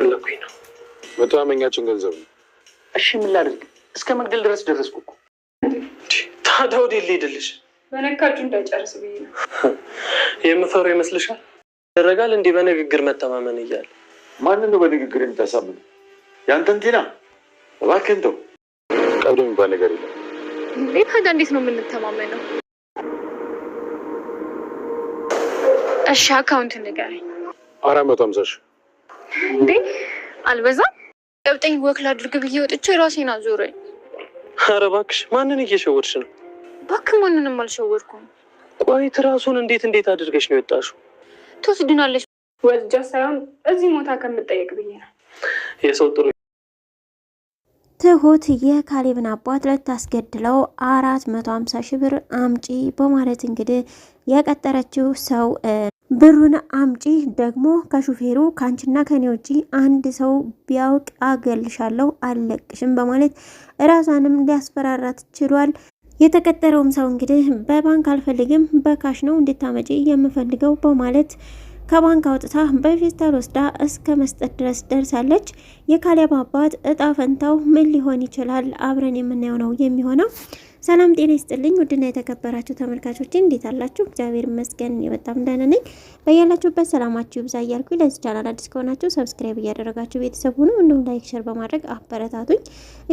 ፈለኩኝ ነው። መተማመኛችን ገንዘብ ነው። እሺ ምን ላድርግ? እስከ መግደል ድረስ ደረስኩ እኮ። ታዲያ ወዴት ልሄድልሽ? በነካችሁ እንዳይጨርስ ብዬ ነው። የምፈሩ ይመስልሻል? ይደረጋል እንዲህ በንግግር መተማመን እያለ ማንን ነው በንግግር የምታሳምነው? ያንተን እባክህ ቀብዶ የሚባል ነገር የለም። ታዲያ እንዴት ነው የምንተማመነው? እሺ አካውንት ንገረኝ። አራት መቶ ሀምሳ ሺህ እንዴ አልበዛም? ቀብጠኝ ወክል አድርግ ብዬ ወጥቼ ራሴን አዞረኝ። አረ እባክሽ ማንን እየሸወድሽ ነው? ባክ ማንንም አልሸወድኩም። ቆይ ራሱን እንዴት እንዴት አድርገሽ ነው የወጣሽው? ትወስድናለሽ ወልጃ ሳይሆን እዚህ ሞታ ከምጠየቅ ብዬ ነው። የሰው ጥሩ ትሁት የካሌብን አባት ልታስገድለው አራት መቶ ሀምሳ ሺህ ብር አምጪ በማለት እንግዲህ የቀጠረችው ሰው ብሩን አምጪ፣ ደግሞ ከሹፌሩ ከአንቺና ከኔ ውጪ አንድ ሰው ቢያውቅ አገልሻለሁ፣ አለቅሽም በማለት እራሷንም ሊያስፈራራት ችሏል። የተቀጠረውም ሰው እንግዲህ በባንክ አልፈልግም፣ በካሽ ነው እንድታመጪ የምፈልገው በማለት ከባንክ አውጥታ በፌስታል ወስዳ እስከ መስጠት ድረስ ደርሳለች። የካሊያ አባት እጣ ፈንታው ምን ሊሆን ይችላል? አብረን የምናየው ነው የሚሆነው። ሰላም ጤና ይስጥልኝ። ውድና የተከበራችሁ ተመልካቾች እንዴት አላችሁ? እግዚአብሔር ይመስገን በጣም ደህና ነኝ። በያላችሁበት ሰላማችሁ ይብዛ እያልኩ ለዚህ ቻናል አዲስ ከሆናችሁ ሰብስክራይብ እያደረጋችሁ ቤተሰብ ሁኑ፣ እንዲሁም ላይክ፣ ሸር በማድረግ አበረታቱኝ።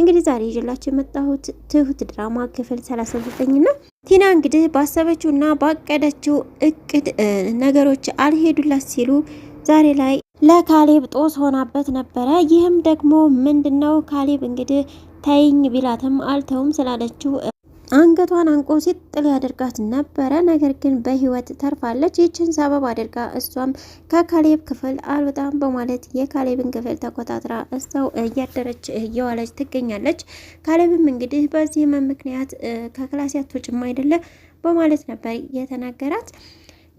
እንግዲህ ዛሬ ይዤላችሁ የመጣሁት ትሁት ድራማ ክፍል 39ና ቲና እንግዲህ ባሰበችውና ባቀደችው እቅድ ነገሮች አልሄዱላት ሲሉ ዛሬ ላይ ለካሌብ ጦስ ሆናበት ነበረ። ይህም ደግሞ ምንድነው ካሌብ እንግዲህ ተይኝ ቢላትም አልተውም ስላለችው አንገቷን አንቆ ሲጥል ያደርጋት ነበረ። ነገር ግን በህይወት ተርፋለች። ይችን ሰበብ አድርጋ እሷም ከካሌብ ክፍል አልወጣም በማለት የካሌብን ክፍል ተቆጣጥራ እሰው እያደረች እየዋለች ትገኛለች። ካሌብም እንግዲህ በዚህ ምክንያት ከክላሲያት ውጭም አይደለ በማለት ነበር የተናገራት።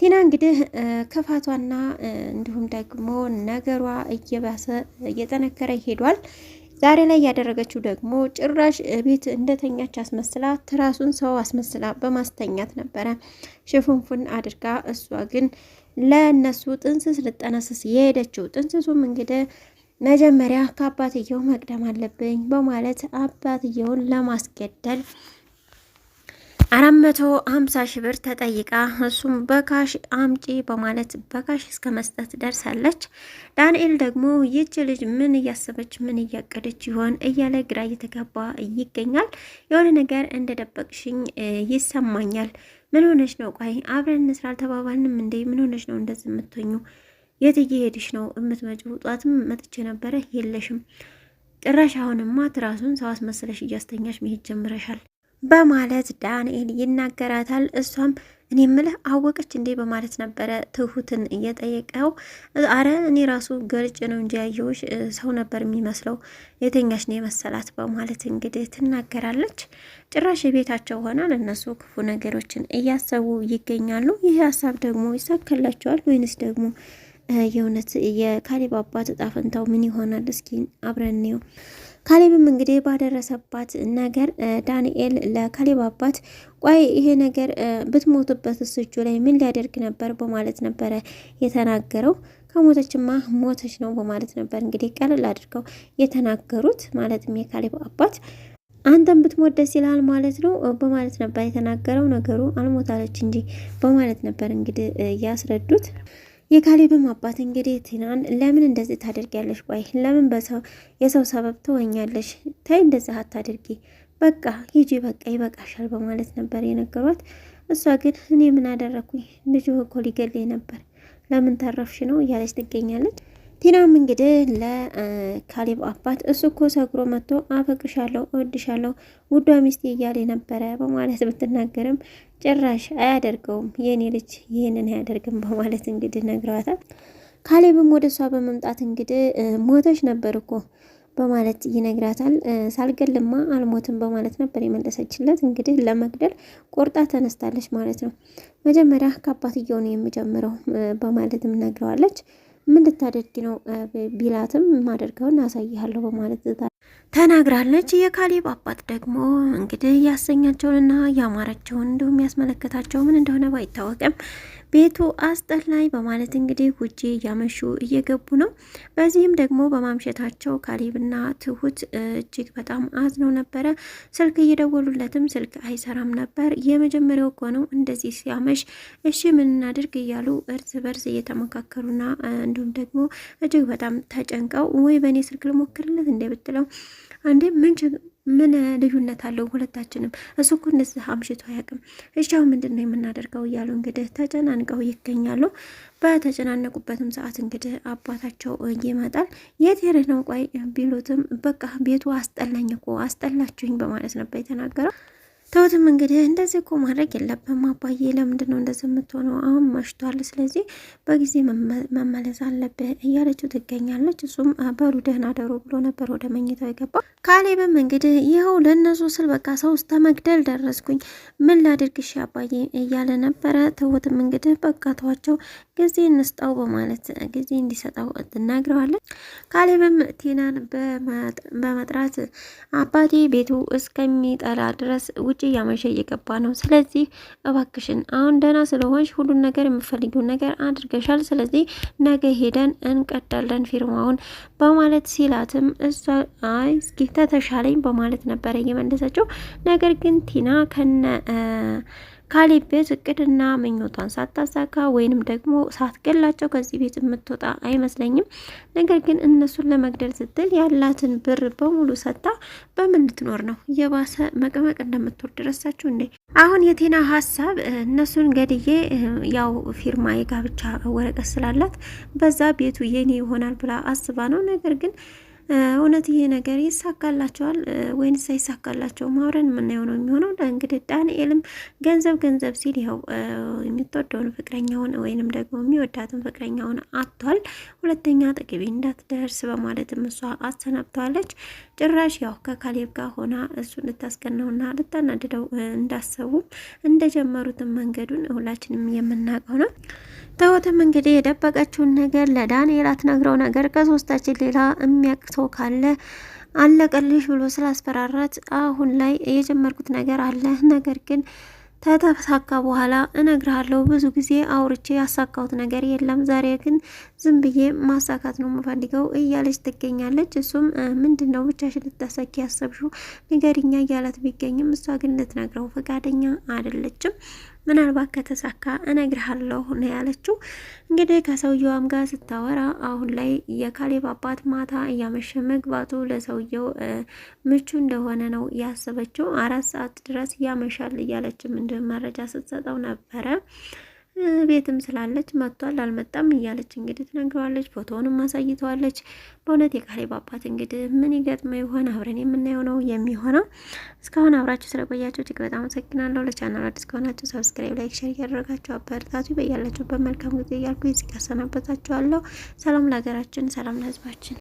ቲና እንግዲህ ክፋቷና እንዲሁም ደግሞ ነገሯ እየባሰ እየጠነከረ ሄዷል። ዛሬ ላይ ያደረገችው ደግሞ ጭራሽ ቤት እንደተኛች አስመስላ ትራሱን ሰው አስመስላ በማስተኛት ነበረ ሽፉንፉን አድርጋ። እሷ ግን ለእነሱ ጥንስስ ልጠነስስ የሄደችው ጥንስሱም እንግዲህ መጀመሪያ ከአባትየው መቅደም አለብኝ በማለት አባትየውን ለማስገደል አራት መቶ ሀምሳ ሺህ ብር ተጠይቃ እሱም በካሽ አምጪ በማለት በካሽ እስከ መስጠት ደርሳለች። ዳንኤል ደግሞ ይች ልጅ ምን እያሰበች ምን እያቀደች ይሆን እያለ ግራ እየተገባ ይገኛል። የሆነ ነገር እንደደበቅሽኝ ይሰማኛል። ምን ሆነች ነው? ቆይ አብረን እንስራ አልተባባልንም እንዴ? ምን ሆነች ነው እንደዚህ የምትኙ? የት እየሄድሽ ነው የምትመጪው? ጠዋትም መጥቼ ነበረ የለሽም። ጭራሽ አሁንማ ትራሱን ሰው አስመስለሽ እያስተኛሽ መሄድ ጀምረሻል። በማለት ዳንኤል ይናገራታል። እሷም እኔ ምልህ አወቀች እንዴ በማለት ነበረ ትሁትን እየጠየቀው። አረ እኔ ራሱ ገልጭ ነው እንጂ ያየሁሽ ሰው ነበር የሚመስለው የተኛሽ ነው የመሰላት በማለት እንግዲህ ትናገራለች። ጭራሽ የቤታቸው ሆና እነሱ ክፉ ነገሮችን እያሰቡ ይገኛሉ። ይህ ሀሳብ ደግሞ ይሳካላቸዋል ወይንስ ደግሞ የእውነት የካሌብ አባት እጣ ፈንታው ምን ይሆናል? እስኪ አብረን እንየው። ካሌብም እንግዲህ ባደረሰባት ነገር ዳንኤል ለካሌብ አባት ቆይ ይሄ ነገር ብትሞትበት እጁ ላይ ምን ሊያደርግ ነበር በማለት ነበረ የተናገረው። ከሞተችማ ሞተች ነው በማለት ነበር እንግዲህ ቀለል አድርገው የተናገሩት። ማለትም የካሌብ አባት አንተም ብትሞት ደስ ይላል ማለት ነው በማለት ነበር የተናገረው። ነገሩ አልሞታለች እንጂ በማለት ነበር እንግዲህ ያስረዱት። የካሌብም አባት እንግዲህ ቲናን ለምን እንደዚህ ታደርጊያለሽ? ቆይ ለምን በሰው የሰው ሰበብ ትወኛለሽ? ተይ እንደዚህ አታድርጊ፣ በቃ ሂጂ፣ በቃ ይበቃሻል በማለት ነበር የነገሯት። እሷ ግን እኔ ምን አደረግኩኝ? ልጁ እኮ ሊገለኝ ነበር፣ ለምን ተረፍሽ ነው እያለች ትገኛለች። ቲናም እንግዲህ ለካሌብ አባት እሱ እኮ ሰግሮ መጥቶ አፈቅርሻለሁ፣ እወድሻለሁ፣ ውዷ ሚስቴ እያለ ነበረ በማለት ብትናገርም ጭራሽ አያደርገውም የኔ ልጅ ይህንን አያደርግም በማለት እንግዲህ ነግረዋታል። ካሌብም ወደ እሷ በመምጣት እንግዲህ ሞተች ነበር እኮ በማለት ይነግራታል። ሳልገልማ አልሞትም በማለት ነበር የመለሰችለት። እንግዲህ ለመግደል ቆርጣ ተነስታለች ማለት ነው። መጀመሪያ ከአባትየው ነው የሚጀምረው በማለትም ነግረዋለች። ምን ልታደርጊ ነው ቢላትም ማደርገውን አሳይሃለሁ በማለት ተናግራለች። የካሌብ አባት ደግሞ እንግዲህ ያሰኛቸውንና ያማራቸውን እንዲሁም ያስመለከታቸው ምን እንደሆነ ባይታወቅም ቤቱ አስጠላይ በማለት እንግዲህ ውጪ እያመሹ እየገቡ ነው። በዚህም ደግሞ በማምሸታቸው ካሌብና ትሁት እጅግ በጣም አዝነው ነበረ። ስልክ እየደወሉለትም ስልክ አይሰራም ነበር። የመጀመሪያው እኮ ነው እንደዚህ ሲያመሽ፣ እሺ ምን እናድርግ እያሉ እርስ በርስ እየተመካከሩና እንዲሁም ደግሞ እጅግ በጣም ተጨንቀው ወይ በእኔ ስልክ ልሞክርለት እንደ ብትለው አንዴ ምን ምን ልዩነት አለው ሁለታችንም? እሱ እኮ እንደዚህ አምሽቶ አያውቅም። እሻው ምንድን ነው የምናደርገው እያሉ እንግዲህ ተጨናንቀው ይገኛሉ። በተጨናነቁበትም ሰዓት እንግዲህ አባታቸው ይመጣል። የት ሄደህ ነው ቆይ ቢሉትም በቃ ቤቱ አስጠላኝ እኮ አስጠላችሁኝ በማለት ነበር የተናገረው። ተውትም እንግዲህ እንደዚህ እኮ ማድረግ የለብም አባዬ፣ ለምንድን ነው እንደዚህ የምትሆነው? አሁን መሽቷል፣ ስለዚህ በጊዜ መመለስ አለብህ እያለችው ትገኛለች። እሱም በሩ ደህና ደሩ ብሎ ነበር ወደ መኝታው የገባው። ካሌብም እንግዲህ ይኸው ለእነሱ ስል በቃ ሰው ውስጥ መግደል ደረስኩኝ፣ ምን ላድርግ አባዬ እያለ ነበረ። ተውትም እንግዲህ በቃ ተዋቸው፣ ጊዜ እንስጠው በማለት ጊዜ እንዲሰጣው ትናግረዋለች። ካሌብም ቲናን በመጥራት አባቴ ቤቱ እስከሚጠላ ድረስ ውጭ እያመሸ እየገባ ነው። ስለዚህ እባክሽን አሁን ደህና ስለሆንሽ ሁሉን ነገር የምፈልጊውን ነገር አድርገሻል። ስለዚህ ነገ ሄደን እንቀዳለን ፊርማውን በማለት ሲላትም እሷ አይ እስኪ ተተሻለኝ በማለት ነበረ እየመለሰችው። ነገር ግን ቲና ከነ ካሌብ ቤት እቅድና ምኞቷን ሳታሳካ ወይንም ደግሞ ሳትገላቸው ከዚህ ቤት የምትወጣ አይመስለኝም። ነገር ግን እነሱን ለመግደል ስትል ያላትን ብር በሙሉ ሰጥታ በምን ልትኖር ነው? የባሰ መቀመቅ እንደምትወር ደረሳችሁ እንዴ? አሁን የቴና ሀሳብ እነሱን ገድዬ ያው ፊርማ የጋብቻ ወረቀት ስላላት በዛ ቤቱ የኔ ይሆናል ብላ አስባ ነው ነገር ግን እውነት ይሄ ነገር ይሳካላቸዋል ወይንስ ይሳካላቸው ማውረን የምናየው ነው የሚሆነው። እንግዲህ ዳንኤልም ገንዘብ ገንዘብ ሲል ይኸው የምትወደውን ፍቅረኛውን ወይንም ደግሞ የሚወዳትን ፍቅረኛውን አጥቷል። ሁለተኛ ጥግቤ እንዳትደርስ በማለትም እሷ አሰናብተዋለች። ጭራሽ ያው ከካሌብ ጋር ሆና እሱን ልታስቀናውና ልታናድደው እንዳሰቡ እንደጀመሩትን መንገዱን ሁላችንም የምናውቀው ነው። ተወትም እንግዲህ የደበቀችውን ነገር ለዳንኤል አትነግረው ነገር ከሶስታችን ሌላ የሚያውቅ ካለ አለቀልሽ ብሎ ስላስፈራራት አሁን ላይ የጀመርኩት ነገር አለ ነገር ግን ተተሳካ በኋላ እነግርሃለሁ። ብዙ ጊዜ አውርቼ ያሳካሁት ነገር የለም። ዛሬ ግን ዝም ብዬ ማሳካት ነው የምፈልገው እያለች ትገኛለች። እሱም ምንድን ነው ብቻሽን ልታሳኪ ያሰብሽው ንገሪኛ እያላት ቢገኝም እሷ ግን ልትነግረው ፈቃደኛ አይደለችም። ምናልባት ከተሳካ እነግርሃለሁ ነው ያለችው። እንግዲህ ከሰውየዋም ጋር ስታወራ አሁን ላይ የካሌብ አባት ማታ እያመሸ መግባቱ ለሰውየው ምቹ እንደሆነ ነው ያሰበችው። አራት ሰዓት ድረስ ያመሻል እያለችም እንደ መረጃ ስትሰጠው ነበረ። ቤትም ስላለች መጥቷል አልመጣም እያለች እንግዲህ ትነግረዋለች። ፎቶውንም አሳይተዋለች። በእውነት የካሌብ አባት እንግዲህ ምን ይገጥመ ይሆን አብረን የምናየው ነው የሚሆነው። እስካሁን አብራችሁ ስለቆያችሁ እጅግ በጣም አመሰግናለሁ። ለቻናል አዲስ ከሆናችሁ ሰብስክራይብ፣ ላይክ፣ ሸር እያደረጋችሁ አበረታቱ። በያላችሁበት መልካም ጊዜ እያልኩ እዚህ ያሰናበታችኋለሁ። ሰላም ለሀገራችን፣ ሰላም ለሕዝባችን።